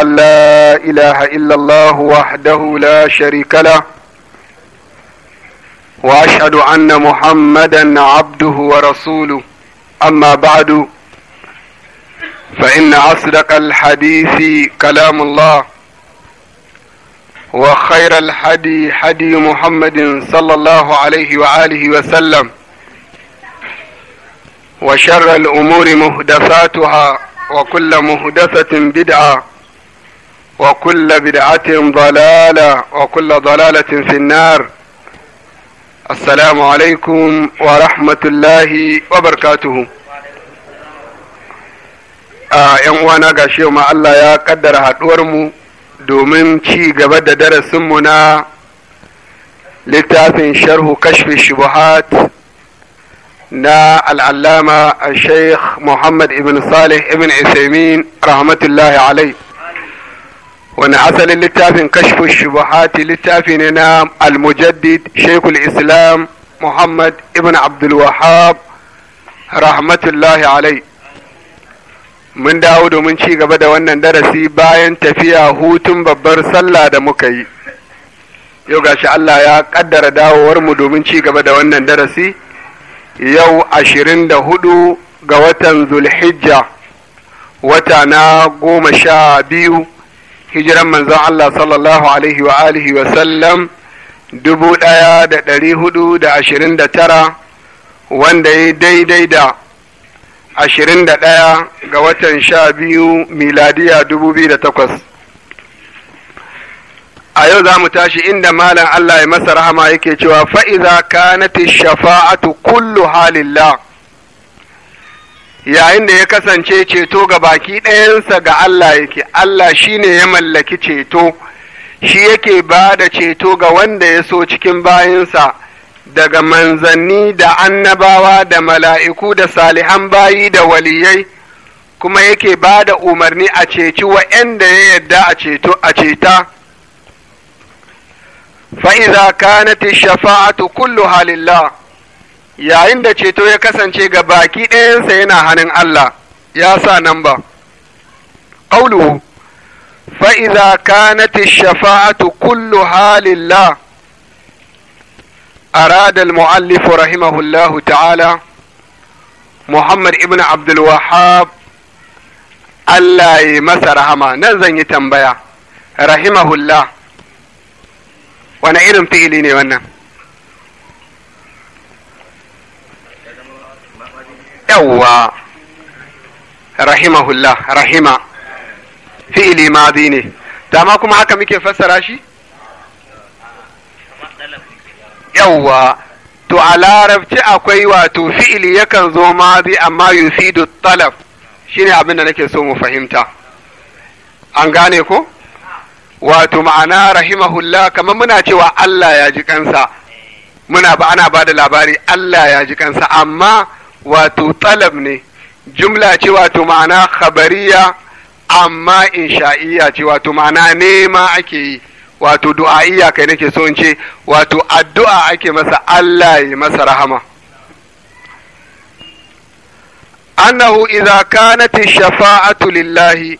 أن لا إله إلا الله وحده لا شريك له وأشهد أن محمدا عبده ورسوله أما بعد فإن أصدق الحديث كلام الله وخير الحدي حدي محمد صلى الله عليه وآله وسلم وشر الأمور مهدفاتها وكل مهدفة بدعة وكل بدعة ضلالة وكل ضلالة في النار السلام عليكم ورحمة الله وبركاته ‘yan uwana ga ma Allah ya kaddara haɗuwarmu domin ci gaba da darasinmu na littafin sharhu kashfi shubuhat na al'allama a sheikh Muhammad ibn Salih ibin Isaimin rahmatullahi alaihi wani asalin littafin kashfu shubuhati littafi ne na almujaddid shekul islam muhammad ibn abdulwahab rahmatullahi alai mun dawo domin ci gaba da wannan darasi bayan tafiya hutun babbar sallah da muka yi yau gashi allah ya kaddara dawowar mu domin ci gaba da wannan darasi yau ashirin da hudu ga watan zulhijja wata na goma sha biyu hijiran manzon Allah sallallahu alaihi wa alihi wa sallam dubu ɗaya da ɗari hudu da ashirin da tara wanda ya daidai da ashirin da ɗaya ga watan sha biyu miladiya dubu biyu da takwas a yau za mu tashi inda malam Allah ya masa rahama yake cewa fa'iza kanati shafa'atu kullu halillah yayin da ya kasance ceto ga baki ɗayansa ga Allah yake Allah shi ne ya mallaki ceto shi yake ba da ceto ga wanda ya so cikin bayinsa daga manzanni da annabawa da mala'iku da salihan bayi da waliyai kuma yake ba da umarni a ceci wa'yanda ya yadda a ceto a ceta fa'iza kanati shafa'atu kullu halillah yayin da ceto ya kasance ga baki ɗayansa yana hannun Allah ya sa nan ba ƙauluhu fa'iza kanati shafa'atu kullu halillah aradal mu'allifu رحمه ta'ala muhammad محمد abdulwahab Allah ya masa rahama nan zan yi tambaya rahimahullah wani irin fi'ili ne wannan yawwa rahimahullah rahima fi'ili madi ne dama kuma haka muke fassara shi yawwa to a larabci akwai wato fi'ili yakan zo madi amma yufidu talaf shine abin da nake so mu fahimta an gane ko wato ma'ana rahimahullah kamar muna cewa Allah ya ji kansa muna ba ana ba da labari Allah ya ji kansa amma wato talab ne jumla ce wato ma'ana khabariya amma insha'iyya ce wato ma'ana nema ake yi wato du'a'iyya kai nake so in ce wato addu'a ake masa Allah ya masa rahama annahu idza kanat shafa'atu lillahi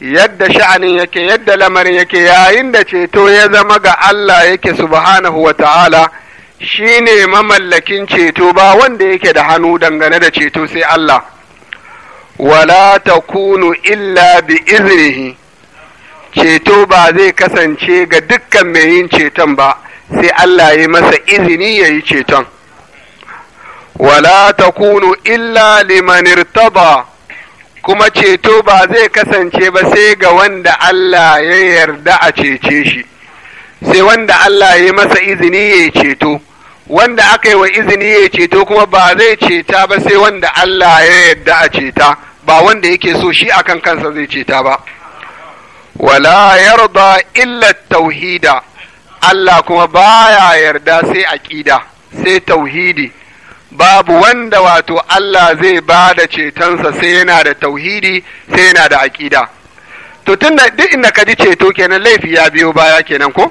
yadda sha'anin yake yadda lamarin yake yayin da ceto ya zama ga Allah yake subhanahu wa ta'ala shi ne mamallakin ceto ba wanda yake da hannu dangane da ceto sai Allah wala takunu illa bi iznihi ceto ba zai kasance ga dukkan mai yin ceton ba sai Allah ya masa izini ya yi ceton wala takunu illa liman irtaba kuma ceto ba zai kasance ba sai ga wanda Allah ya yarda a cece shi, sai wanda Allah ya masa izini ya ceto, wanda aka yi wa izini ya ceto kuma ba zai ceta ba sai wanda Allah ya yarda a ceta, ba wanda yake so shi a kan kansa zai ceta ba. Wala yarda illa tauhida, Allah kuma baya yarda sai aƙida, sai tauhidi. babu wanda wato Allah zai ba da cetonsa sai yana da tauhidi sai yana da aƙida to tunda duk inda ka ji ceto kenan laifi ya biyo baya kenan ko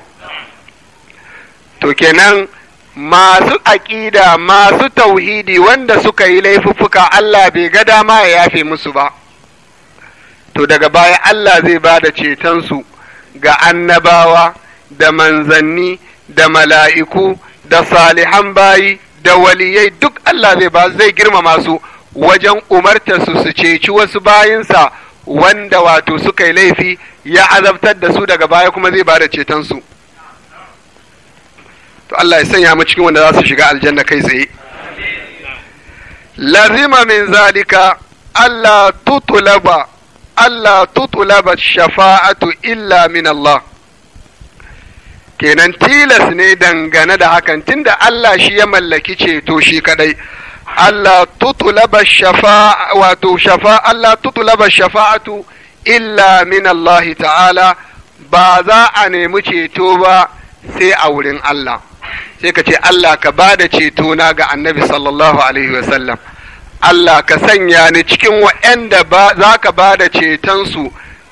to kenan masu aƙida masu tauhidi wanda suka yi laifuffuka Allah bai ga dama ya yafe musu ba to daga baya Allah zai ba da cetonsu ga annabawa da manzanni da mala'iku da salihan bayi da waliyai duk Allah zai ba zai girmama su wajen umarta su ceci wasu bayinsa wanda wato suka yi laifi ya azabtar da su daga baya kuma zai bada cetonsu. To Allah ya sanya mu cikin wanda za su shiga aljanna kai tsaye. Lazima min zalika Allah tutulaba Allah tutulaba shafa'atu illa min Allah. kenan tilas ne dangane da hakan tunda Allah shi ya mallaki ceto shi kadai Allah tutulaba shafa'a wato shafa Allah tutulaba shafa'atu illa min Allah ta'ala ba za a nemi ceto ba sai a wurin Allah sai ka ce Allah ka ba da ceto na ga annabi sallallahu alaihi wasallam Allah ka sanya ni cikin waɗanda za ka ba da cetonsu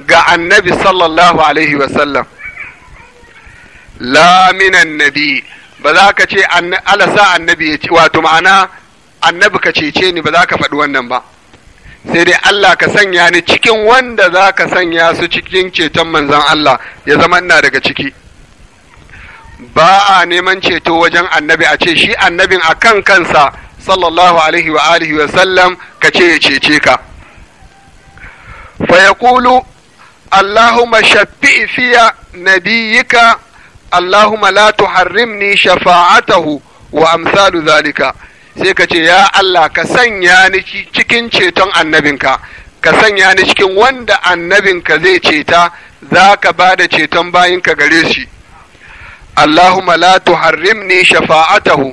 ga annabi sallallahu alaihi wasallam la minan nabi ba za ka ce alasa annabi ya ce wato ma'ana annabi ka cece ni ba za ka faɗi wannan ba sai dai Allah ka sanya ni cikin wanda za ka sanya su cikin ceton manzon Allah ya zama ina daga ciki ba a neman ceto wajen annabi a ce shi annabin a kan kansa sallallahu alaihi wa alihi wa sallam ka ce ya cece ka fa yaqulu allahumma shaffi fiya nabiyyika Allahumma la tuharrimni shafa'atahu wa amsalu zalika sai ka ce ya Allah ka sanya ni cikin ceton annabinka ka sanya ni cikin wanda annabinka zai ceta za ka ba da ceton bayinka gare shi Allahumma la tuharrimni shafa'atahu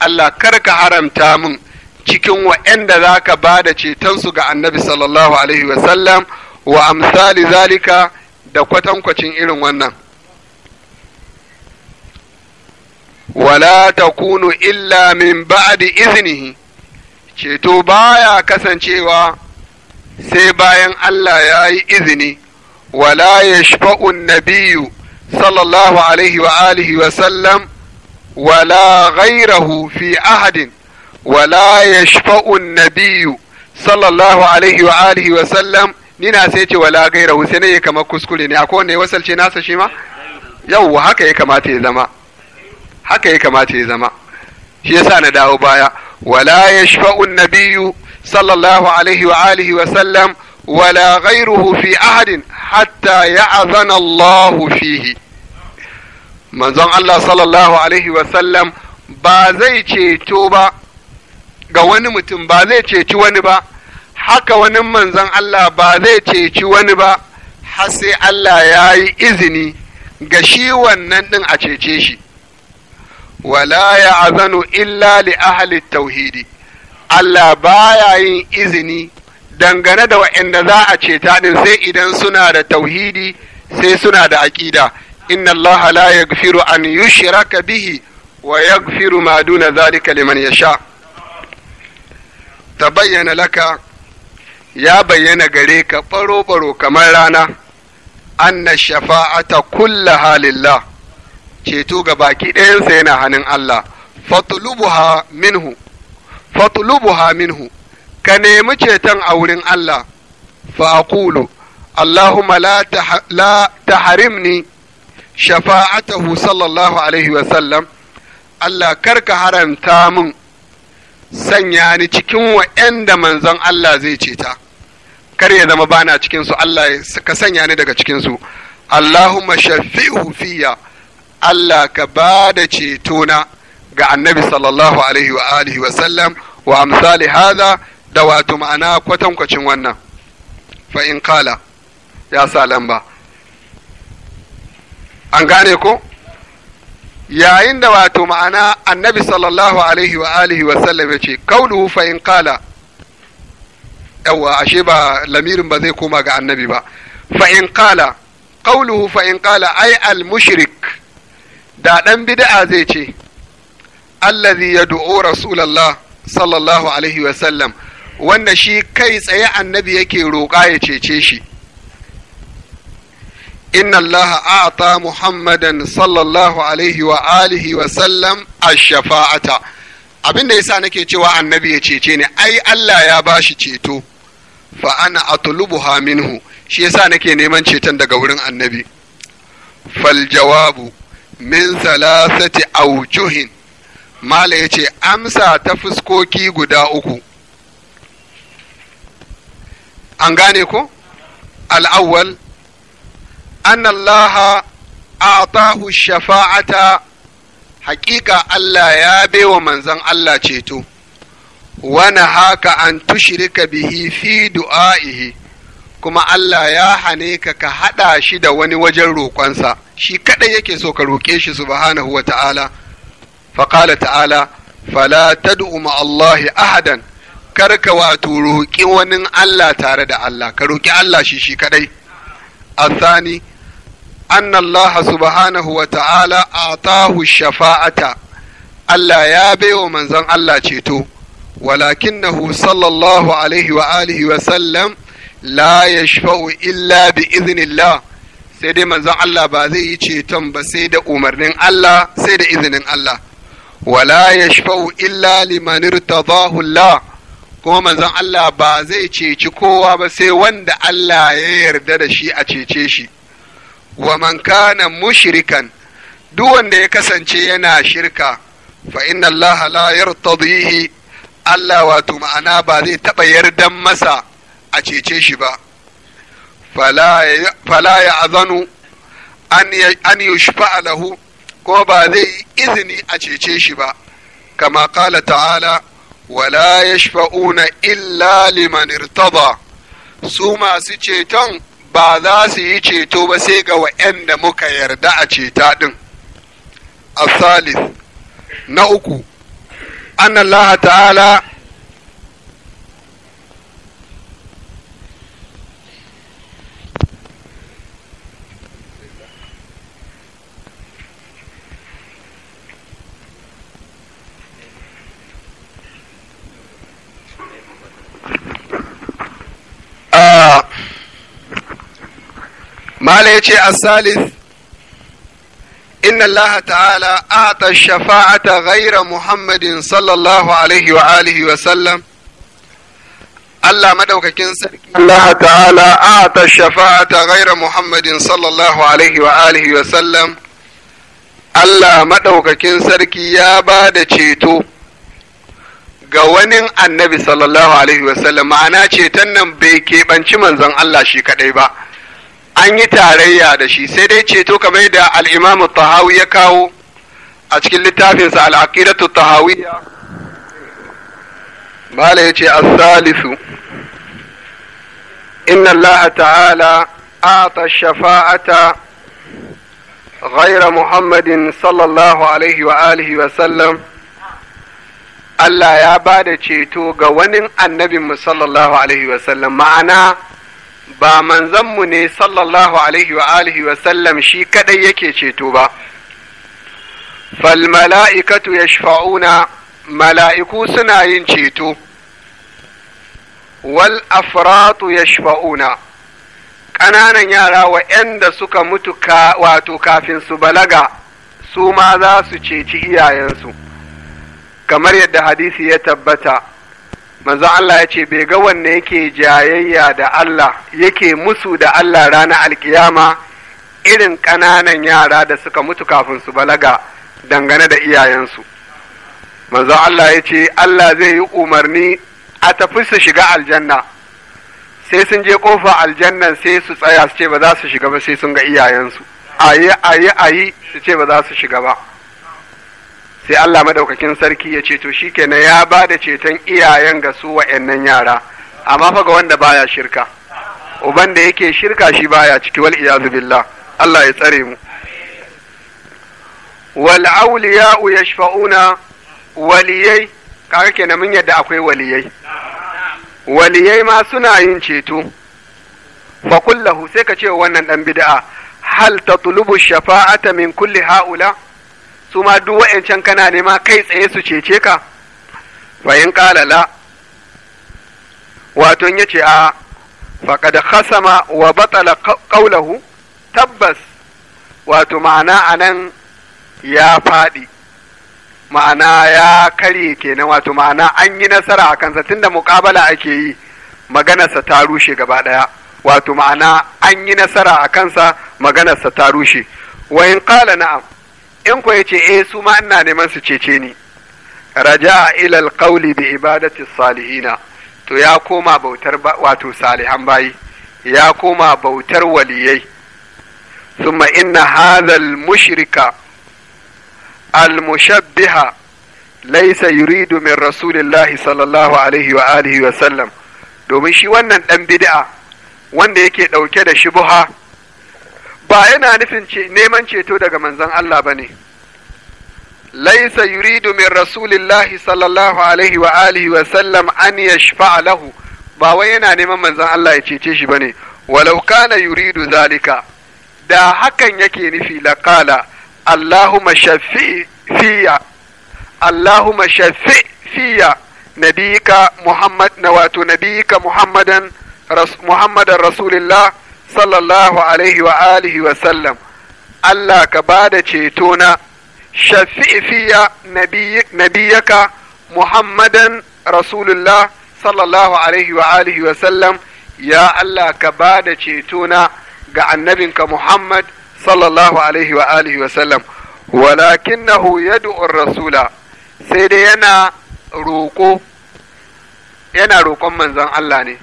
Allah kar ka haramta min cikin wa'anda za ka ba da cetonsu ga annabi sallallahu alaihi wasallam wa amsali zalika da kwatankwacin irin wannan wala takunu illa min ba'di iznihi ceto baya kasancewa sai bayan Allah ya yi izini wala yashfa'un Nabiyu, sallallahu alaihi wa alihi wa sallam wala ghairahu fi ahadin wala yashfa'un Nabiyu, sallallahu alaihi wa alihi wa sallam nina sai ce wala gairahu sai ne kamar kuskure ne akwai wanda ya wasalce nasa shi ma yau haka ya kamata ya zama haka ya kamata ya zama shi yasa na dawo baya wala yashfa'u nabiyyu sallallahu alaihi wa alihi wa sallam wala ghayruhu fi ahadin hatta ya'zana Allah fihi manzon Allah sallallahu alaihi wa sallam ba zai ceto ba ga wani mutum ba zai ceci wani ba haka wani manzon Allah ba zai ceci wani ba har sai Allah ya yi izini ga shi wannan ɗin a cece shi wala azanu illa li ahli tauhidi Allah baya yin izini dangane da waɗanda za a ceta din sai idan suna da tauhidi sai suna da aƙida inna Allah la yaghfiru an yushraka bihi wa yaghfiru ma duna zalika liman yasha tabayyana laka ya bayyana gare ka baro baro kamar rana anna shafa'ata kullaha lillah ceto ga baki ɗayansa yana hannun Allah fatulubuha minhu fatulubuha minhu ka nemi ceton a wurin Allah fa aqulu Allahumma la harimni shafa'atahu sallallahu alaihi wa sallam Allah karka haramta min sanya ni cikin wa'yanda manzon Allah zai ceta kar ya zama bana cikinsu Allah ka sanya ni daga cikinsu Allahumma shafi'u fiya Allah ka ba da cetona ga annabi sallallahu alaihi wa alihi wa sallam wa amsali hada da wato ma'ana kwatankwacin wannan fa in kala ya sa lamba an gane ko yayin da wato ma'ana annabi sallallahu alaihi wa alihi wa sallam ya ce kaulu fa in kala yawa ashe ba lamirin ba zai koma ga annabi ba fa in kala kaulu fa in kala ai al mushrik da ɗan bid'a zai ce allazi du'o rasulallah sallallahu alaihi wa sallam wanda shi kai tsaye annabi yake roƙa ya cece shi inna Allah a'ata muhammadan sallallahu alaihi wa alihi wa sallam ash-shafa'ata abin da yasa nake cewa annabi ya cece ni ai Allah ya bashi ceto fa ana atlubuha minhu shi yasa nake neman ceton daga wurin annabi fal jawabu min salasati aujuhin mala ya ce amsa ta fuskoki guda uku an gane ko al'awwal an allaha a'tahu shafa'ata haƙiƙa Allah ya baiwa manzon Allah ceto wani haka an tushirika bihi fi du'a'ihi kuma Allah ya hane ka ka haɗa shi da wani wajen roƙonsa shi kaɗai yake so ka roƙe shi subhanahu wa ta'ala faƙala ta'ala fala tad'u ma Allahi ahadan karka wato roƙi wani Allah tare da Allah ka roƙi Allah shi shi kaɗai athani anna Allah subhanahu wa ta'ala atahu shafa'ata Allah ya baiwa manzon Allah ceto walakinahu sallallahu alaihi wa alihi wa sallam la yashfa'u illa bi iznillah sai dai manzon Allah ba zai yi ceton ba sai da umarnin Allah sai da izinin Allah wala yashfa'u illa liman irtadahu Allah kuma manzon Allah ba zai ceci kowa ba sai wanda Allah ya yarda da shi a cece shi wa man kana mushrikan duk wanda ya kasance yana shirka fa inna Allah la yartadihi Allah wato ma'ana ba zai taɓa yardan masa a cece shi ba fala ya azanu an yushfa alahu ko ba zai izini a cece shi ba kama kala ta'ala wala yashfa'una illa liman irtada su masu ceton ba za su yi ceto ba sai ga waɗanda muka yarda a ceta ɗin. a na uku an Allah ta'ala gaba mala ya ce asalis inna allaha ta'ala ata shafa'ata ghaira muhammadin sallallahu alaihi wa alihi wa sallam Allah madaukakin sarki Allah ta'ala ghaira muhammadin sallallahu Allah madaukakin sarki ya ba da ceto ga wani annabi sallallahu alaihi wasallam ma'ana ce ceton nan bai keɓanci manzon Allah shi kaɗai ba an yi tarayya da shi sai dai ceto kamar da al'imamu tahawi ya kawo a cikin littafinsa al'aqidatu tahawiyya bala ya ce as-salisu inna Allah ta'ala ata shafa'ata غير محمد صلى الله عليه وآله وسلم Allah ya ba da ceto ga wani annabinmu sallallahu alaihi wasallam ma'ana ba manzanmu ne sallallahu alaihi wa wasallam shi kadai yake ceto ba falmala'ikatu yashfa'una mala'iku suna yin ceto wal afratu yashfa'una ƙananan yara da suka mutu wato kafin su balaga su ma za su ceci iyayensu kamar yadda hadisi ya tabbata manzo Allah ya ce bai ga wanne yake jayayya da Allah yake musu da Allah rana alkiyama irin ƙananan yara da suka mutu kafin su balaga dangane da iyayensu manzo Allah ya ce Allah zai yi umarni a tafi su shiga aljanna sai sun je kofa aljanna sai su tsaya su ce ba za su shiga ba sai sun ga iyayensu ayi ayi ayi su ce ba za su shiga ba sai Allah madaukakin sarki ya ce to kenan ya ba da ceton iyayen ga su wa'annan yara amma fa ga wanda baya shirka uban da yake shirka shi baya ciki wal iyazu billah Allah ya tsare mu wal awliya'u yashfa'una waliyai kaga kenan mun yadda akwai waliyai waliyai ma suna yin ceto fa kullahu sai ka ce wannan dan bid'a hal tatlubu shafa'ata min kulli ha'ula' su ma duk wa'yancan kana nema kai tsaye su cece ka bayan la wato ya ce a faƙada khasama wa batala ƙaulahu tabbas wato ma'ana a nan ya faɗi ma'ana ya karye kenan wato ma'ana an yi nasara a kansa tunda muƙabala ake yi maganarsa ta rushe gaba ɗaya wato ma'ana an yi nasara a kansa maganarsa ta rushe wa in ƙala na'am in ko yace eh su ma ina neman su cece ni raja'a ila alqawli bi ibadati salihina to ya koma bautar wato salihan bayi ya koma bautar waliyai summa inna hadha mushrika al-mushabbiha laisa yuridu min rasulillahi sallallahu alaihi wa alihi wa sallam domin shi wannan dan bid'a wanda yake dauke da shubuha ba yana nufin neman ceto daga manzon Allah ba ne laisa yuridu min rasulillahi sallallahu alaihi wa alihi wa sallam an yashfa'a lahu ba wai yana neman manzon Allah ya cece shi bane walau kana yuridu zalika da hakan yake nufi laqala allahumma shaffi fiya allahumma shaffi fiya nabiyika muhammad na wato nabiyika muhammadan ras, muhammadan rasulillah sallallahu alaihi wa alihi wa sallam Allah ka ba da cetona shafi'i fiya nabiyaka Muhammadan Rasulullah sallallahu alaihi wa alihi wa sallam ya Allah ka ba da cetona ga annabinka Muhammad sallallahu alaihi wa alihi wa sallam walakinahu yad'u rasula sai dai yana roƙo yana roƙon manzon Allah ne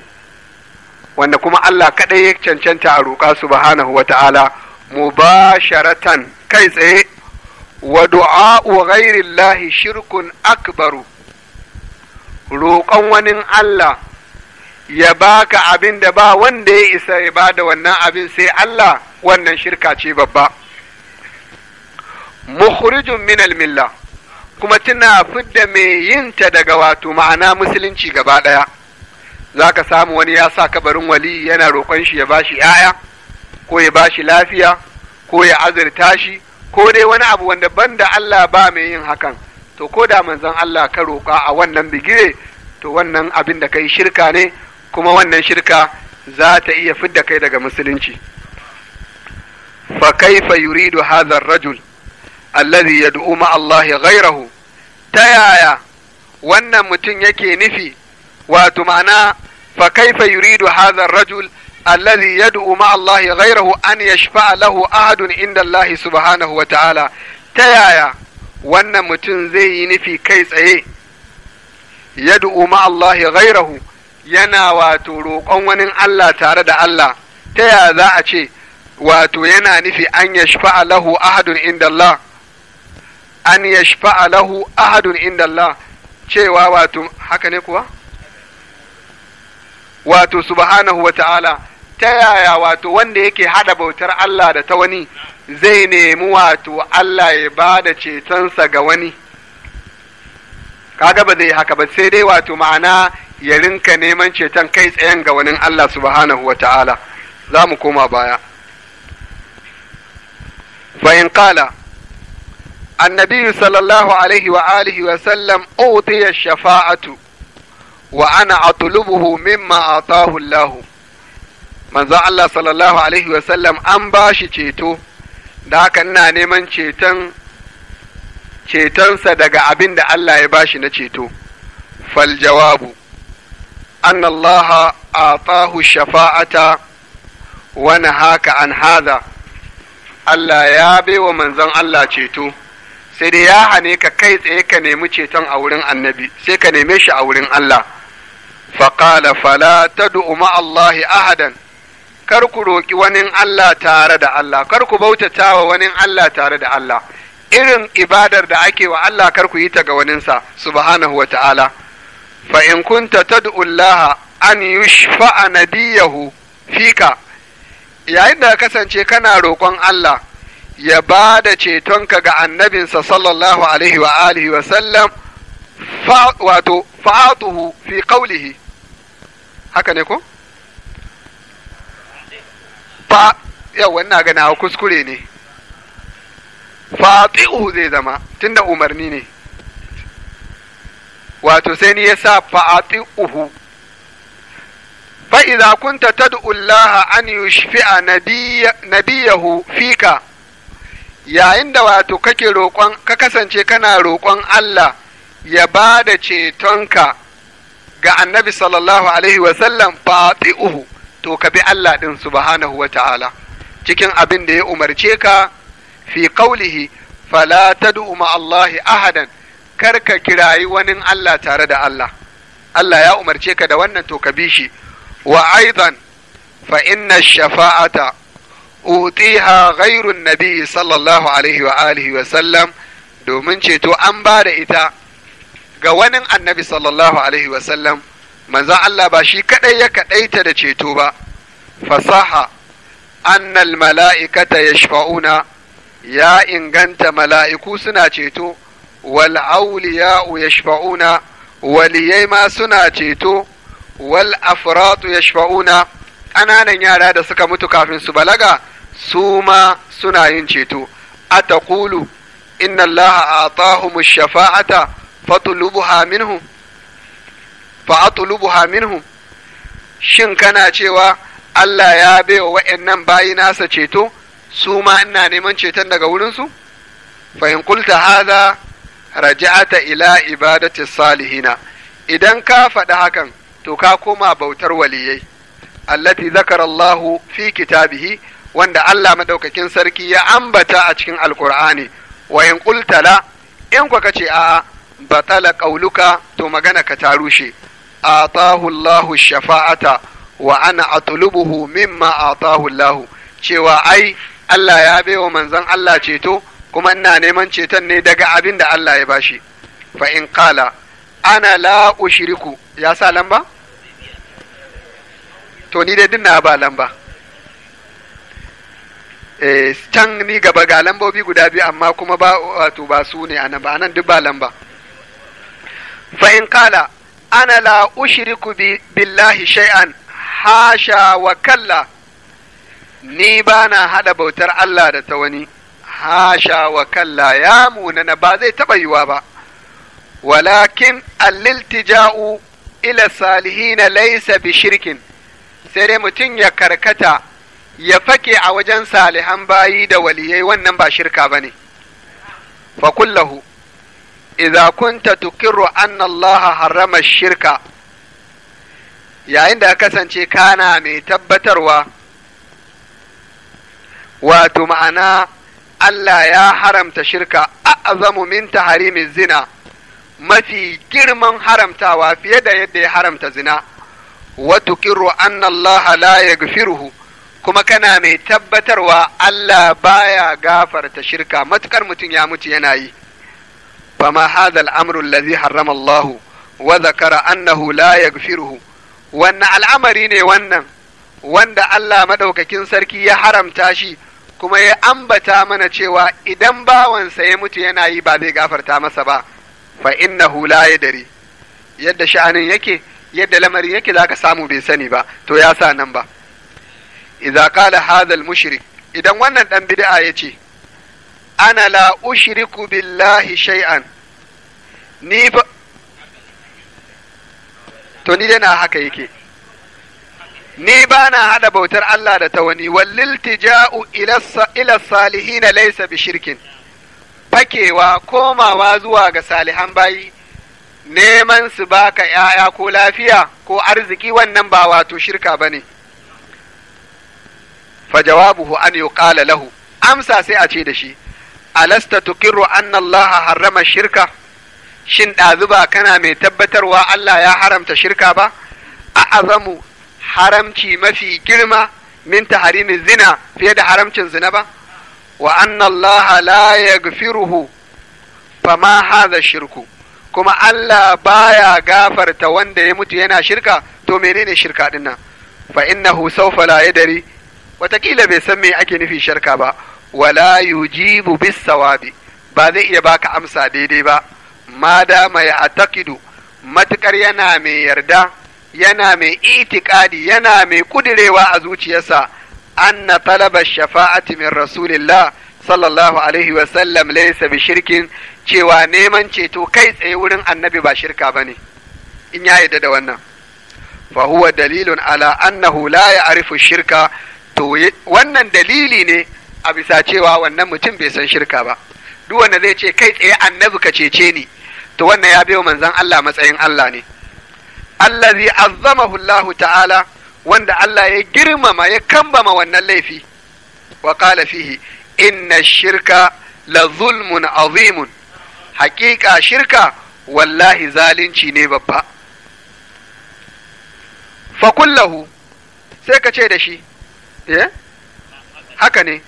wanda kuma Allah kaɗai ya cancanta a roƙa su hana wa ta'ala sharatan kai tsaye wa du'a wa lahi shirkun akbaru roƙon wani Allah ya baka abin da ba wanda ya isa ya ba da wannan abin sai Allah wannan shirka ce babba mukhrijun min almilla kuma tana fidda mai yinta daga wato ma'ana musulunci gaba ɗaya za ka samu wani ya sa kabarin wali yana roƙon shi ya bashi ‘ya'ya ko ya bashi lafiya ko ya azurta shi ko dai wani abu wanda da Allah ba mai yin hakan to ko da manzon Allah ka roƙa a wannan bigire to wannan abin da kai shirka ne kuma wannan shirka za ta iya fidda kai daga musulunci fa kaifa yuridu hadha rajul alladhi yad'u ma Allah ghayrahu ta yaya wannan mutum yake nufi wato ma'ana fa kaifa yuridu hadha rajul alladhi yad'u ma'a Allah ghayrahu an yashfa'a lahu ahadun inda Allah subhanahu wa ta'ala ta yaya wannan mutum zai yi nufi kai tsaye yad'u Allah yana wato roƙon wani Allah tare da Allah ta yaya za a ce wato yana nufi an yashfa'a lahu ahadun inda Allah an yashfa'a lahu ahadun inda Allah cewa wato haka ne kuwa wato subhanahu wata'ala ta yaya wato wanda yake hada bautar Allah da ta wani zai nemi wato Allah ya ba da cetonsa ga wani kaga ba zai haka ba sai dai wato ma'ana ya rinka neman ceton kai tsayen ga wani Allah subhanahu wata'ala za mu koma baya فإن قال النبي صلى الله عليه وآله وسلم أوتي الشفاعة wa ana atlubuhu mimma atahu Allah manzo Allah sallallahu alaihi wa sallam an bashi ceto da haka ina neman ceton cetonsa daga abin da Allah ya bashi na ceto fal jawabu anna Allah atahu shafa'ata wani haka an hadha Allah ya baiwa manzon Allah ceto sai dai ya hane ka kai tsaye ka nemi ceton a wurin annabi sai ka neme shi a wurin Allah faƙala fala ta du'uma Allahi ahadan, kar ku roƙi wani Allah tare da Allah, kar ku bautata wa wani Allah tare da Allah, irin ibadar da ake wa Allah kar yi ta ga waninsa, subhanahu wa ta'ala. Fa in kunta tad'ullaha an yushfa'a nabiyahu fika, yayin da ka kasance kana roƙon Allah, ya ba da cetonka ga annabinsa sallallahu alaihi wa alihi wa sallam wato fa'atuhu fi qawlihi haka ne ko fa yau wannan ga na kuskure ne fati'u zai zama tun da umarni ne wato sai ni yasa fa'ati'uhu fa idza kunta tad'u Allah an yushfi'a nabiyahu fika yayin da wato ka kasance kana roƙon Allah ya ba da cetonka ga annabi sallallahu alaihi wasallam fati'uhu to ka bi Allah ɗin subhanahu wa ta'ala cikin abin da ya umarce ka fi qaulihi fala tad'u ma Allahi ahadan kar ka kirayi wani Allah tare da Allah Allah ya umarce ka da wannan to ka bi shi wa aidan fa inna shafa'ata utiha gairun nabi sallallahu alaihi wa alihi wa sallam domin ceto an ba da ita ga wani annabi sallallahu alaihi wasallam manzon Allah ba shi kaɗai ya kaɗaita da ceto ba fasaha annal mala'ikata yashfa'una ya inganta mala'iku suna ceto wal auliya'u yashfa'una waliyai ma suna ceto wal afratu yashfa'una ƙananan yara da suka mutu kafin su balaga su ma suna yin ceto a taƙulu inna allaha atahum shafa'ata fatulubuha minhu fa'atulubuha minhu shin kana cewa Allah ya baiwa wa'annan bayi nasa ceto su ma ina neman ceton daga wurinsu fa in qulta hadha raja'ata ila ibadati salihina idan ka faɗi hakan to ka koma bautar waliyai allati zakara Allahu fi kitabihi wanda Allah madaukakin sarki ya ambata a cikin alqur'ani wa in qulta la in ce a'a batala qauluka to magana ka ta rushe atahu Allahu shafa'ata wa ana atlubuhu mimma atahu Allahu cewa ai Allah ya baiwa manzon Allah ceto kuma ina neman ceton ne daga abin da Allah ya bashi fa in qala ana la ushriku ya sa lamba to ni dai dinna ba lamba eh ni gaba ga lambobi guda biyu amma kuma ba wato ba su ne anan ba anan duk ba lamba fa kala ana la ushriku billahi shay'an hasha wa ni ba na haɗa bautar Allah da ta wani hasha wa kalla ya munana ba zai taɓa yiwa ba walakin alliltija'u ila na laisa bishirkin. sai dai mutum ya karkata ya fake a wajen salihan bayi da waliyai wannan ba shirka ba ne fa kullahu idza kunta tuqirru anna Allah harrama shirka yayin da kasance kana mai tabbatarwa wato ma'ana Allah ya haramta shirka a'zamu min taharimi zina mafi girman haramtawa fiye da yadda ya haramta zina wa tuqirru anna Allah la yaghfiruhu kuma kana mai tabbatarwa Allah baya gafarta shirka matukar mutum ya mutu yana yi فما هذا الأمر الذي حرم الله وذكر أنه لا يغفره وأن الأمر ne wannan wanda Allah maɗaukakin sarki ya haramta shi kuma ya ambata mana cewa idan bawansa ya mutu yana yi ba zai gafarta masa ba fa hula la yadri yadda sha'anin yake yadda lamarin yake zaka samu bai sani ba to ya sa nan ba idza qala hadha mushrik idan wannan ɗan bid'a ya ce. ana la ushriku billahi shay'an ni ba to ni dai na haka yake ni ba na hada bautar Allah da ta wani wallil tija'u ila salihin laysa bi shirkin fakewa komawa zuwa ga salihan bayi neman su baka ‘ya'ya ko lafiya ko arziki wannan ba wato shirka bane ne, fa jawabuhu an yuqala lahu, amsa sai a ce da shi, alasta tuqirru anna Allah harrama shirka shin ɗazuba kana mai tabbatarwa Allah ya haramta shirka ba a azamu haramci mafi girma min taharimin zina fiye da haramcin zina ba wa anna Allah la yaghfiruhu fama hadha shirku kuma Allah baya gafarta wanda ya mutu yana shirka to menene shirka dinnan fa innahu sawfa la yadri watakila bai san me ake nufi shirka ba wala yujibu bis sawabi ba zai iya baka amsa daidai ba ma da mai atakidu matukar yana mai yarda yana mai itikadi yana mai kudirewa a zuciyarsa anna talaba shafa'ati min rasulillah sallallahu alaihi wa sallam laysa bi shirkin cewa neman ceto kai tsaye wurin annabi ba shirka bane in ya yadda da wannan fa huwa dalilun ala annahu la ya'rifu shirka to wannan dalili ne a bisa cewa wannan mutum bai san shirka ba duk wanda zai ce kai tsaye annabi ka cece ni to wannan ya wa manzon Allah matsayin Allah ne allazi azzamahu Allah ta'ala wanda Allah ya girmama ya kambama wannan laifi wa qala fihi inna shirka la zulmun azimun haƙiƙa shirka wallahi zalunci ne babba fakullahu sai ka ce da shi eh? haka ne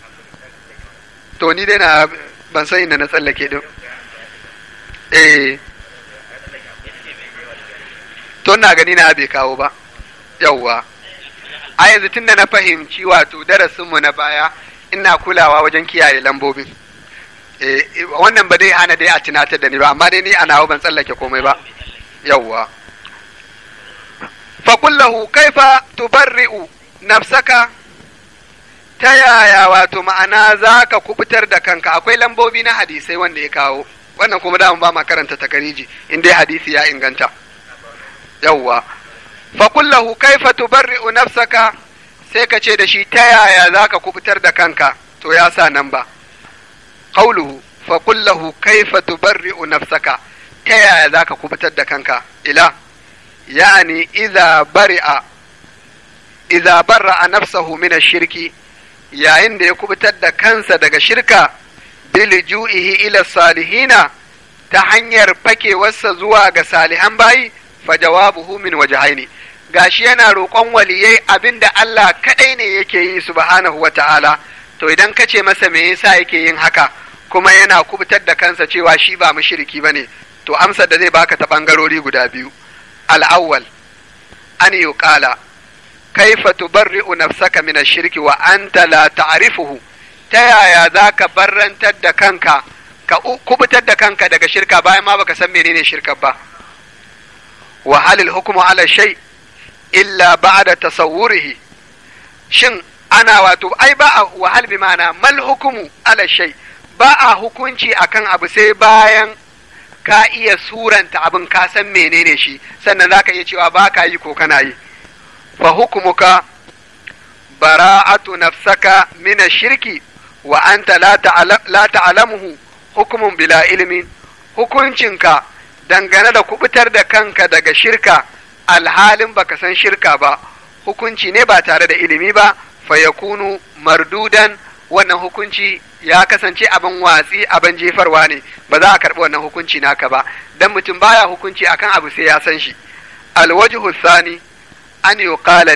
to ni dai na ban san inda na tsallake din eh to na gani na bai kawo ba yawwa a yanzu tun da na fahimci wato darasinmu na baya ina kulawa wajen kiyaye lambobin eh, wannan ba dai hana dai a tunatar da ni ba amma dai ni a ban tsallake komai ba yawwa fa kullahu kaifa tubarri'u nafsaka ta yaya wato ma'ana za ka kubutar da kanka akwai lambobi na hadisai wanda ya kawo wannan kuma da ba ma karanta kariji in dai hadisi ya inganta yawwa fa kullahu kaifa tubarri'u nafsaka sai ka ce da shi ta yaya za ka kubutar da kanka to ya sa nan ba qauluhu fa kullahu kaifa tubarri'u nafsaka ta yaya za ka kubutar da kanka ila yani idza bari'a idza barra nafsahu min ash-shirki yayin da ya kubutar da kansa daga shirka biliju'ihi ila salihina ta hanyar fakewarsa zuwa ga salihan bayi fa jawabuhu min wajhaini gashi yana roƙon waliyai abinda Allah kaɗai ne yake yi subhanahu wata'ala to idan ka ce masa me yasa yake yin haka kuma yana kubutar da kansa cewa shi ba mushriki bane to amsar da zai baka ta bangarori guda biyu al-awwal an yuqala kaifa tubarri'u nafsaka min ash-shirki wa anta la ta'rifuhu ta yaya zaka barrantar da kanka ka kubutar da kanka daga shirka bayan ma baka san menene shirka ba wa halil hukmu ala shay illa ba'da shin ana wato ai ba a wahal bi ma'ana mal hukumu ba a hukunci akan abu sai bayan ka iya suranta abin ka san menene shi sannan zaka iya cewa ba ka yi ko kana yi fa hukumuka bara'atu nafsaka min shirki wa anta la ta'lamuhu hukumun bila ilmin hukuncinka dangane da kubutar da kanka daga shirka alhalin baka san shirka ba hukunci ne ba tare da ilimi ba fa ya kunu mardudan wannan hukunci ya kasance abin watsi abin jefarwa ne ba za a karɓi wannan hukunci naka ba dan mutum baya hukunci akan abu sai ya san shi alwajhu sani an yuqala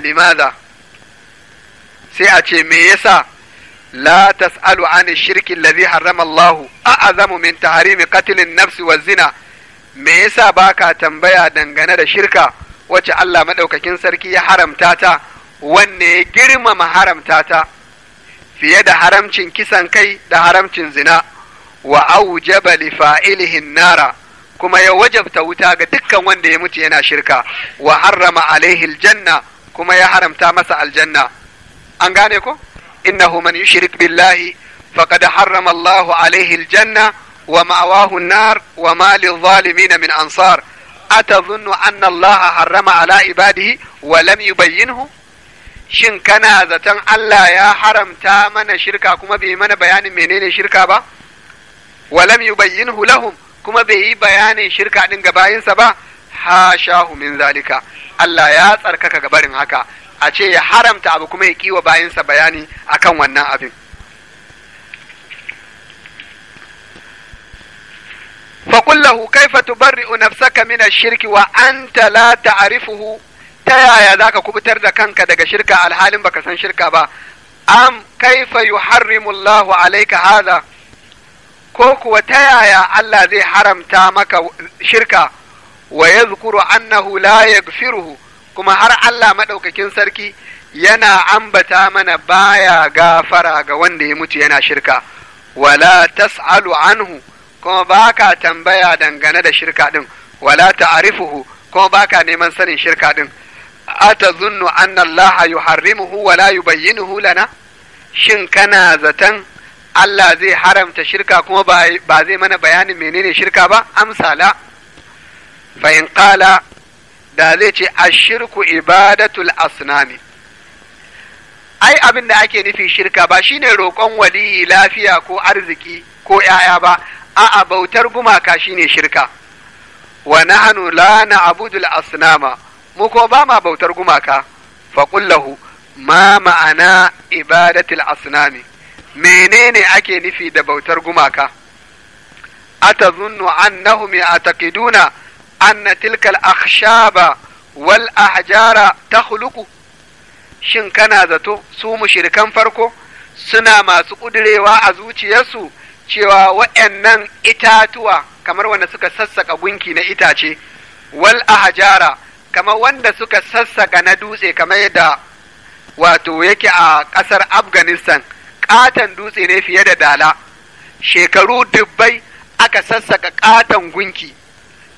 sai a ce me yasa la tas'alu an shirki alladhi harrama Allahu a'azamu min tahrimi katilin nafsi nafs wa zina me yasa baka tambaya dangane da shirka wacce Allah madaukakin sarki ya haramta ta wanne ya girmama haramta ta fiye da haramcin kisan kai da haramcin zina wa aujaba li fa'ilihin nara kuma ya wajabta wuta ga dukkan wanda ya mutu yana shirka wa harrama alaihi aljanna kuma ya haramta masa aljanna an gane ko innahu man yushrik billahi faqad harrama Allahu alaihi aljanna wa ma'awahu an-nar wa ma lil-zalimin min ansar atadhunnu anna Allah harrama ala ibadihi wa lam yubayyinhu shin kana zaton Allah ya haramta mana shirka kuma bai mana bayanin menene shirka ba wa lam yubayyinhu lahum kuma bai yi bayanin shirka ɗin bayansa ba ha shahu min zalika Allah ya tsarkaka gabarin haka a ce ya haramta abu kuma ya kiwa bayansa bayani akan wannan abin fakullahu kaifa tubarri'u nafsaka min ash-shirki wa anta la ta'rifuhu ta yaya zaka kubutar da kanka daga shirka alhalin baka san shirka ba am kaifa yuharrimu Allahu alaika haza. ko kuwa ta yaya Allah zai haramta maka shirka wa zukuru annahu la yaghfiruhu kuma har Allah maɗaukakin sarki yana ambata mana baya gafara ga wanda ya mutu yana shirka wala tas'alu anhu kuma baka tambaya dangane da shirka ɗin. wala ta'rifuhu kuma baka neman sanin shirka din atazunnu anna Allah yuharrimuhu wala yubayyinuhu lana shin kana zaton Allah zai haramta shirka kuma ba zai mana bayanin menene shirka ba Amsala. fa in qala da zai ce ashirku ibadatul asnami ai abin da ake nufi shirka ba shine roƙon waliyi lafiya ko arziki ko ‘ya'ya ba, a'a bautar gumaka shine shirka, wa nahnu la na'budul asnama mu ko ba ma bautar gumaka, fa lahu ma ma'ana ibadatul asnami menene ake nufi da bautar gumaka atazunnu annahum ya'taqiduna anna tilkal al-akhshaba wal ahjara takhluqu shin kana zato su mushrikan farko suna masu kudirewa a zuciyarsu cewa waɗannan itatuwa kamar wanda suka sassaka gunki na itace wal ahjara kamar wanda suka sassaka na dutse kamar yadda wato yake a ƙasar afghanistan ƙaton dutse ne fiye da dala shekaru dubbai aka sassaka ƙaton gunki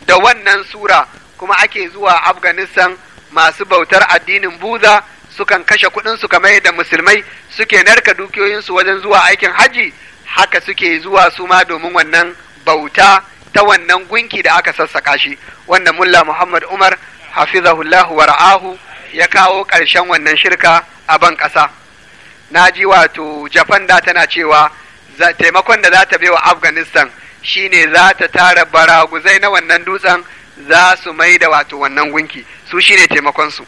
da wannan sura kuma ake zuwa afghanistan masu bautar addinin buza sukan kashe kuɗinsu kamar yadda musulmai suke narka dukiyoyinsu wajen zuwa aikin haji haka suke zuwa su ma domin wannan bauta ta wannan gunki da aka sassaka shi wanda mulla muhammad umar hafizahullahu wa ra'ahu ya kawo ƙarshen wannan shirka a ban ƙasa na ji wato japan da tana cewa taimakon da za ta wa afghanistan shine za ta tara baraguzai na wannan dutsen za su mai da wato wannan gunki su shine taimakonsu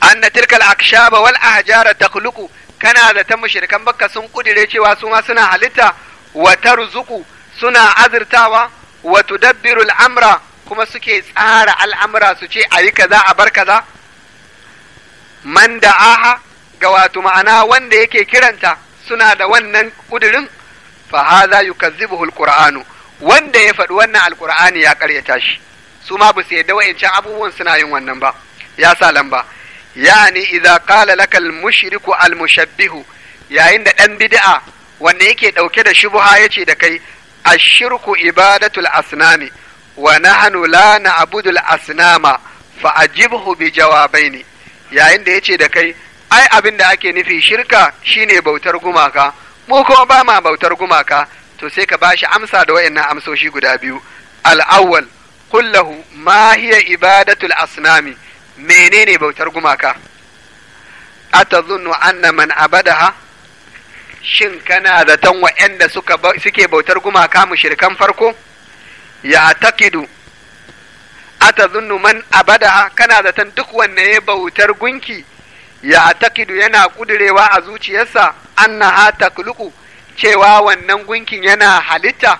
anna tilkal akshaba wal ahjara takhluqu kana da ta mushrikan bakka sun kudire cewa su ma suna halitta wa tarzuqu suna azirtawa wa tudabbiru al'amra kuma suke tsara al'amra su ce ayi kaza a bar kaza man da'aha ga wato ma'ana wanda yake kiranta suna da wannan kudirin fa hadha yukazzibuhu wanda ya faɗi wannan alqur'ani ya karyata shi su ma ba su yadda wa'ancan abubuwan suna yin wannan ba ya sa lamba yani idza qala laka al almushabbihu yayin da dan bid'a wanda yake dauke da shubha yace da kai ashirku ibadatul asnami wa nahnu la na'budu asnama fa ajibhu bi jawabaini yayin da ya ce da kai ai abin da ake nufi shirka shine bautar gumaka mu kuma ba ma bautar gumaka to sai ka ba shi amsa da wayannan amsoshi guda biyu al kullahu qul ma hiya ibadatul asnami menene bautar gumaka atazunnu anna man abadaha shin kana zaton wa'anda da suke bautar gumaka mu shirkan farko ya taqidu atazunnu man abada kana zaton duk wanne ya bautar gunki ya takidu yana kudurewa a zuciyarsa An annaha takluku cewa wannan gunkin yana halitta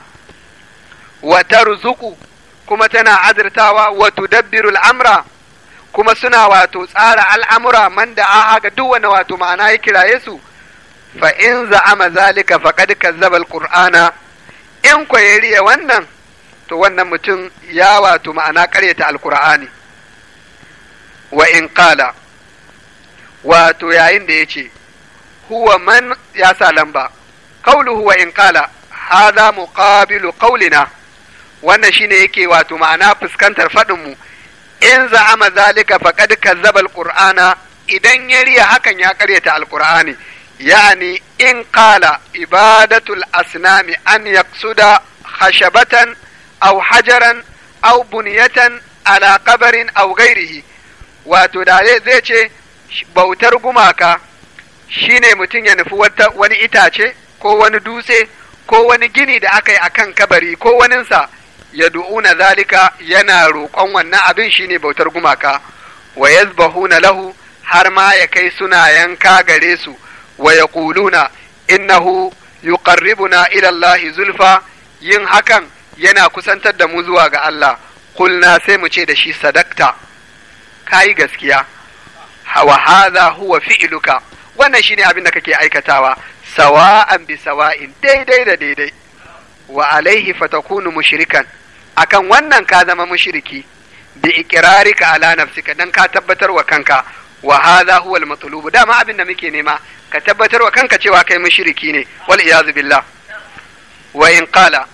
wata ruzuku kuma tana azirtawa wato tudabbiru amra kuma suna wato tsara al'amura man da a duk wani wato ma'ana ya kiraye su fa in za'ama zalika faqad kazzaba zabal ƙur'ana. in ko wannan to wannan mutum ya wato ma'ana ƙaryata alkur'ani wa in ƙala wato yayin da ya ce huwa man ya sa lamba kauluhu inkala, in ƙala haza muqabilu qaulina wannan shine yake wato ma'ana fuskantar faɗinmu in za'ama zalika faqad kazzaba alqur'ana idan ya riya hakan ya ƙaryata alkur'ani yani in qala ibadatul asnami an yaqsuda khashabatan aw hajaran aw bunyatan ala qabarin aw wato da zai ce bautar gumaka shine mutum ya nufi wani itace ko wani dutse ko wani gini da aka yi a kan kabari ko waninsa ya du'una zalika yana roƙon wannan abin shine bautar gumaka wa yazbahuna lahu har ma ya kai suna yanka gare su wa yaquluna innahu yuqarribuna na, Allah zulfa yin hakan yana kusantar da mu zuwa ga Allah kulna sai mu ce da shi sadakta kayi gaskiya wa hadha huwa fi'luka wannan shine abin da kake aikatawa sawa'an bi sawa'in daidai da daidai wa alaihi fatakunu mushrikan akan wannan ka zama mushriki bi iqrarika ala nafsika dan ka tabbatar wa kanka wa hadha huwa al dama abin da muke nema ka tabbatar wa kanka cewa kai mushriki ne wal iyaz billah wa in qala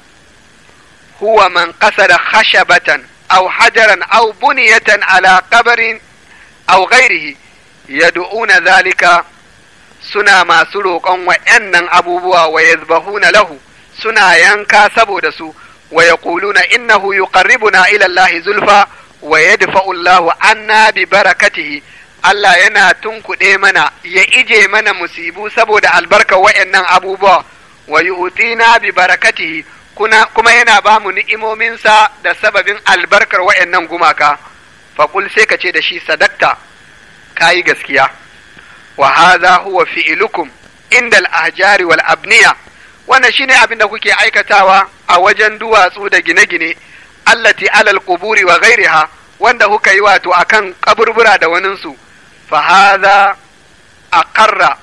huwa man qasada khashabatan aw hajaran aw buniyatan ala qabrin aw ghairihi yad'una zalika suna masu roƙon wa'annan abubuwa wa na lahu suna yanka saboda su waya wa yaquluna innahu yuqarribuna ila Allah zulfa wa yadfa'u Allah anna bi barakatihi Allah yana tunkuɗe mana ya ije mana musibu saboda albarka wa'annan abubuwa wa yu'tina bi barakatihi kuna kuma yana ba mu ni'imominsa da sababin albarkar wa'annan gumaka faƙul sai ka ce da shi sadakta kayi gaskiya wa haza huwa fi'ilukum inda ahjari wal abniya wannan shine abin da kuke aikatawa a wajen duwatsu da gine-gine allati alal quburi wa ghairiha wanda kuka yi wato akan kaburbura da su. fa hadha aqarra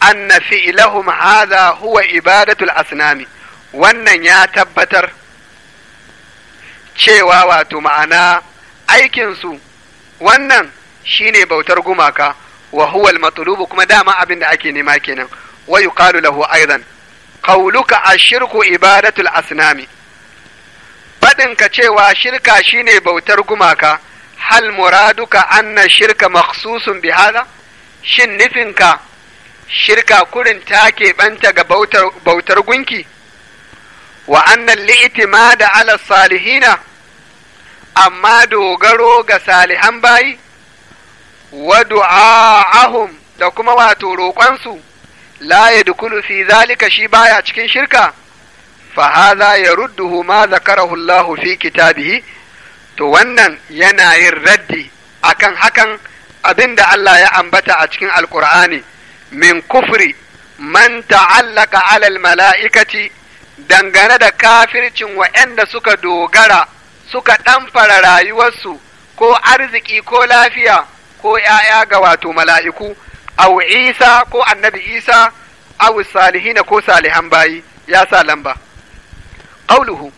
anna fi'lahum haza huwa ibadatul asnami wannan ya tabbatar cewa wato ma'ana aikinsu wannan shine bautar gumaka wa huwa kuma dama abin da ake nema kenan wa yuqalu lahu aidan qawluka ashirku ibadatul asnami ka cewa shirka shine bautar gumaka hal muraduka anna shirka makhsusun bi shin nufinka shirka kurin ta keɓanta ga bautar, bautar gunki wa annan da ala salihina amma dogaro ga salihan bayi wa du'a'ahum da kuma wato roƙonsu la yadkhulu fi zalika shi baya cikin shirka fa ya rudduhu ma zakarahu Allah fi kitabihi to wannan yana yin raddi akan hakan abinda Allah ya ambata a cikin Alƙur'ani min kufri man ta'allaka alal malaikati dangane da kafircin wa'yanda suka dogara suka ɗamfara rayuwarsu ko arziki ko lafiya ko ‘ya'ya ga wato mala'iku, au Isa ko annabi Isa, au salihina ko salihan bayi, ya sa lamba. Ƙauluhu,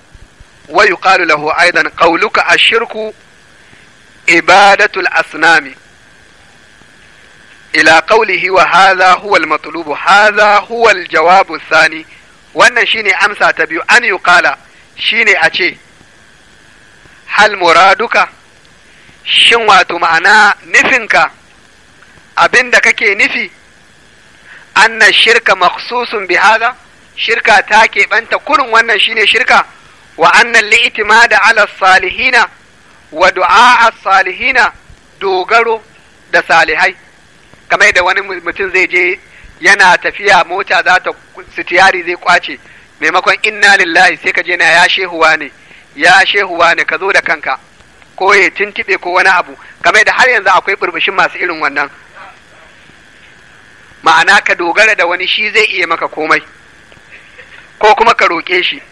wa yuqalu lahu aidan ƙauluka a shirku ibadatul asnami. Ila ƙaulihi wa haza huwal matulubu, haza huwal jawabu sani. wannan shine amsa ta biyu an yuqala shine a ce hal muraduka shin wato ma'ana nufinka abin da kake nufi anna shirka maksusun bi shirka ta keɓanta kurin wannan shine shirka wa annan da ala salihina wa du'a salihina dogaro da salihai kamar da wani mutum zai je yana tafiya mota za ta sitiyari zai kwace maimakon inna lillahi sai ka je na ya shehuwa ne ya shehuwa ne ka zo da kanka ko ya tintibe ko wani abu kamar da har yanzu akwai burbushin masu irin wannan ma'ana ka dogara da wani shi zai iya maka komai ko kuma ka roƙe shi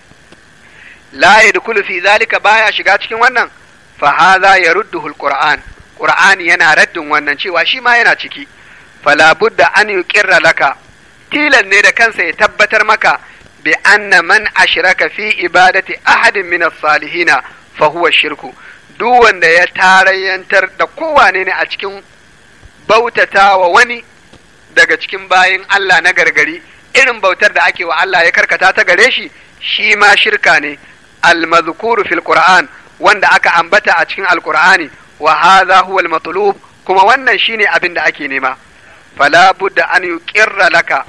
la yadkhulu fi zalika baya shiga cikin wannan fa hadha yaruddu alquran qur'ani yana raddin wannan cewa shi ma yana ciki fala da an yuqirra laka tilan ne da kansa ya tabbatar maka bi anna man ashraka fi ibadati ahadin min as-salihina fa huwa shirku duk wanda ya tarayyantar da kowane ne a cikin bautata wa wani daga cikin bayin Allah na gargari irin bautar da ake wa Allah ya karkata ta gare shi shi ma shirka ne al-mazkuru fil qur'an wanda aka ambata a cikin alqur'ani wa hadha huwa al-matlub kuma wannan shine abin da ake nema fala da an yuqirra laka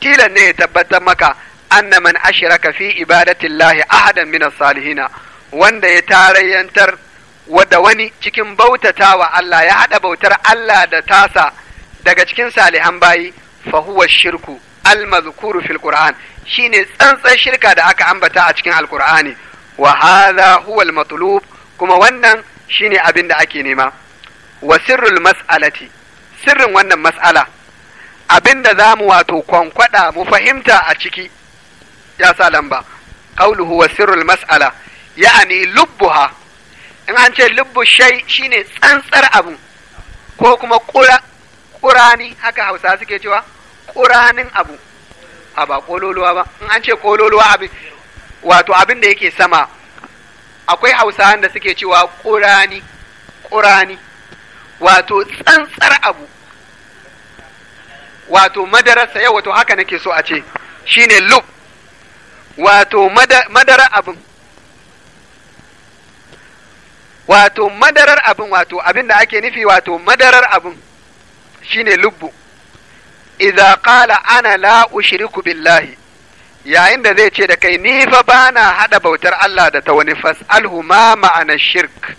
tilan ne ya tabbatar maka anna man ashraka fi ibadatillahi ahadan min salihina wanda ya tarayyantar da wani cikin bautatawa Allah ya haɗa bautar Allah da tasa daga cikin salihan bayi fa huwa shirku al-mazkuru fil Qur'an shine tsantsan shirka da aka ambata a cikin Al-Qur'ani wa hadha huwa al-matlub kuma wannan shine abin da ake nema wa sirrul mas'alati sirrin wannan mas'ala abinda za mu wato kwankwada mu fahimta a ciki ya sa lamba qauluhu wa sirrul mas'ala ya'ani lubbuha in an ce lubbu shay shine tsantsar abu ko kuma ƙura ƙurani haka hausa suke cewa quranin abu a ba ƙololuwa ba in an ce ƙololuwa abin wato abin da yake sama akwai hausa da suke cewa qurani ƙurani wato tsantsar abu wato madarasa yau wato haka nake so a ce shi ne lub wato madara abin wato madarar abin wato abin da ake nufi wato madarar abin shi ne lubbu Iza qala ana la ushriku billahi yayin da zai ce da kai ni fa bana hada bautar Allah da ta wani fas'alhu ma ma'ana shirk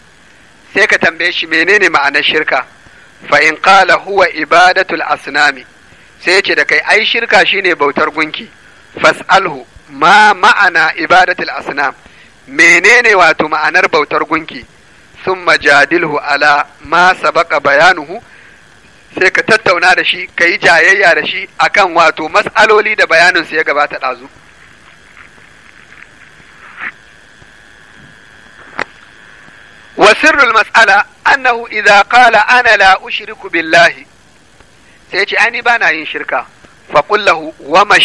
sai ka tambaye shi menene ma'anar shirka fa in qala huwa ibadatul asnami sai ce da kai ai shirka shine bautar gunki fas'alhu ma ma'ana ibadatul asnam menene wato ma'anar bautar gunki thumma jadilhu ala ma sabaqa bayanuhu sai ka tattauna da shi ka jayayya da shi akan wato mas'aloli da bayanin su ya gabata ɗazu. wa mas'ala annahu idza qala ana bana yin shirka fa qul lahu wa ma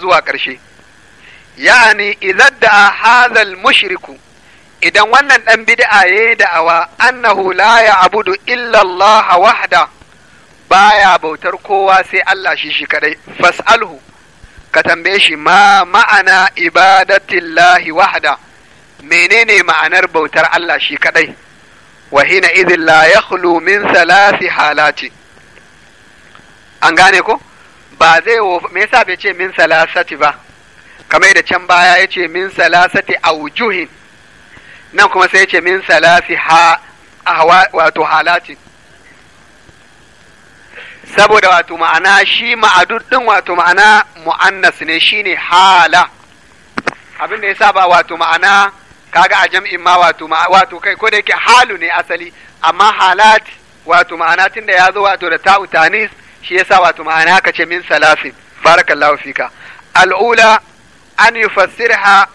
zuwa karshe yani idza da hadha idan wannan wahda baya bautar kowa sai Allah shi shi kadai fas'alhu ka tambaye shi ma ma'ana ibadatillahi wahda menene ma'anar bautar Allah shi kadai wa hina idhin la yakhlu min thalathi halati an gane ko ba zai me yasa bai ce min salasati ba kamar da can baya yace ce min salasati aujuhin nan kuma sai ya ce min salasi ha wato halati saboda wato ma'ana shi ma'adud wato ma'ana mu'annas ne shine hala abin da yasa ba wato ma'ana kaga a jam'in ma wato wato kai ko da yake halu ne asali amma halat wato ma'ana tunda ya zo wato da ta'u tanis shi yasa wato ma'ana ka ce min salasin barakallahu fika al'ula an yufassirha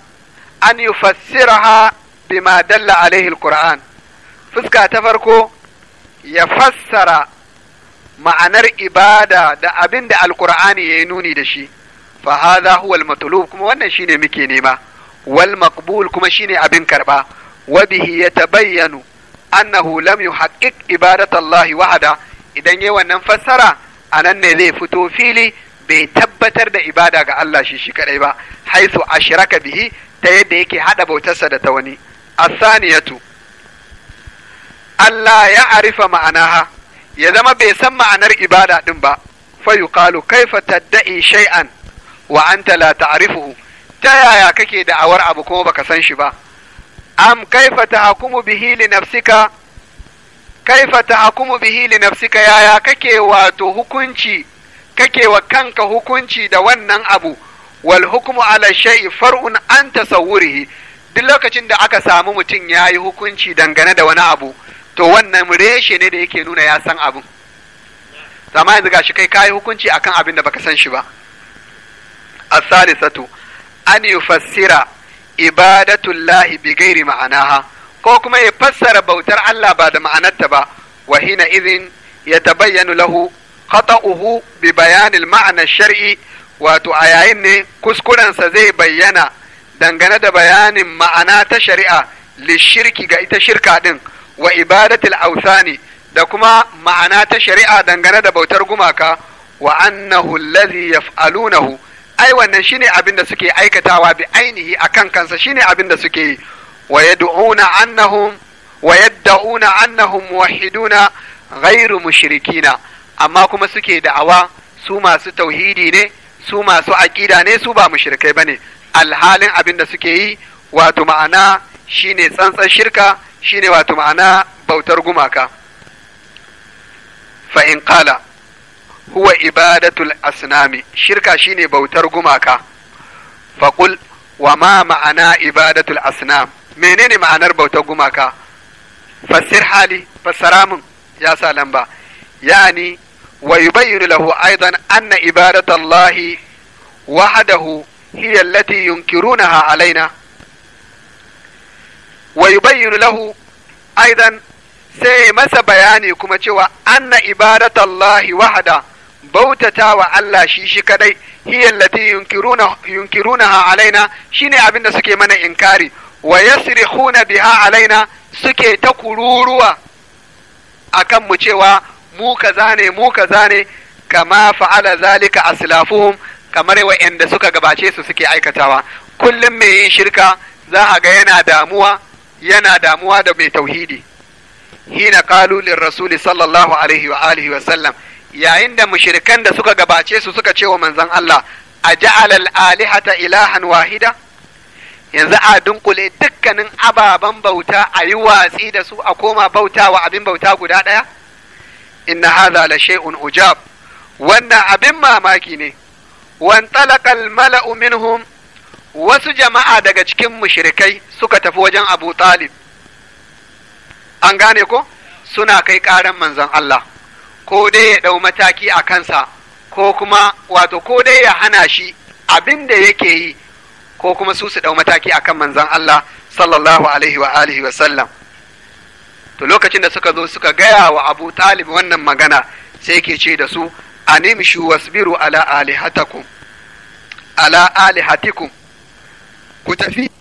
an yufassiraha bima dalla alaihi alquran fuska ta farko ya fassara ma'anar ibada da abin da alkur'ani ya yi nuni da shi fa hadha huwa kuma wannan shine muke nema wal maqbul kuma shine abin karba wa bihi yatabayyanu annahu lam yuhaqqiq ibadatallahi wahada idan yayi wannan fassara anan ne zai fito fili bai tabbatar da ibada ga Allah shi shi kadai ba haisu ashraka bihi ta yadda yake hada bautarsa da ta wani asaniyatu Allah ya arifa ma'anaha ya zama bai san ma'anar ibada din ba fa yuqalu kaifa tadda'i shay'an wa anta la ta'rifuhu ta yaya kake da'awar abu kuma baka san shi ba am kaifa tahkumu bihi li nafsika kaifa tahkumu bihi li nafsika yaya kake wato hukunci kake wa kanka hukunci da wannan abu wal hukmu ala shay'i far'un an tasawwurihi duk lokacin da aka samu mutum yayi hukunci dangane da wani abu to wannan reshe ne da yake nuna ya san abin amma yanzu gashi kai kayi hukunci akan abin da baka san shi ba as-salisatu an yufassira ibadatullahi bi ghairi ma'anaha ko kuma ya fassara bautar Allah ba da ma'anarta ba wa hina ya yatabayyanu lahu khata'uhu bi bayan al shari wato a yayin ne kuskurensa zai bayyana dangane da bayanin ma'ana ta shari'a lishirki ga ita shirka din wa ibadatul ausani da kuma ma'ana ta shari'a dangane da bautar gumaka wa annahu allazi yaf'alunahu ai wannan shine abin da suke aikatawa bi ainihi akan kansa shine abin da suke yi wa yad'una annahum wa yad'una annahum muwahhiduna ghairu mushrikina amma kuma suke da'awa su masu tauhidi ne su masu aqida ne su ba mushrikai bane alhalin abin da suke yi wato ma'ana shine tsantsan shirka shine wato ma'ana bautar gumaka fa in huwa ibadatul asnami shirka shine bautar gumaka fa qul wa ma ma'ana ibadatul asnam menene ma'anar bautar gumaka fassir hali fassara mun ya sa lamba yani wa yubayyinu lahu aidan anna ibadatallahi wahadahu hiya allati yunkirunaha alaina wa yubayyinu lahu aidan sai masa bayani kuma cewa anna ibadatallahi wahada bautata wa Allah shi shi kadai hiya allati yunkiruna yunkirunaha shine abin da suke mana inkari wa yasrihuna biha alaina suke ta kururuwa akan mu cewa mu kaza ne mu kaza ne kama fa'ala zalika aslafuhum kamar wa'anda suka gabace su suke aikatawa kullum mai yin shirka za a ga yana damuwa yana damuwa da mai tauhidi hina kalulin rasuli sallallahu alaihi wa alihi wa sallam yayin da mushrikan da suka gabace su suka ce wa manzon Allah a ja'alal alihata ilahan wahida yanzu a dunkule dukkanin ababen bauta a yi watsi da su a koma bauta wa abin bauta guda ɗaya inna hadha la shay'un ujab wannan abin mamaki ne wan talaqal mala'u minhum wasu jama'a daga cikin mushrikai suka tafi wajen Abu Talib an gane ko suna kai ƙaran manzon Allah ko dai ya ɗau mataki a kansa ko kuma wato ko dai ya hana shi abin da yake yi ko kuma su su ɗau mataki akan manzon Allah sallallahu alaihi wa alihi wa sallam to lokacin da suka zo suka gaya wa Abu Talib wannan magana sai ke ce da su animshu wasbiru ala alihatakum ala alihatikum Quoi t'as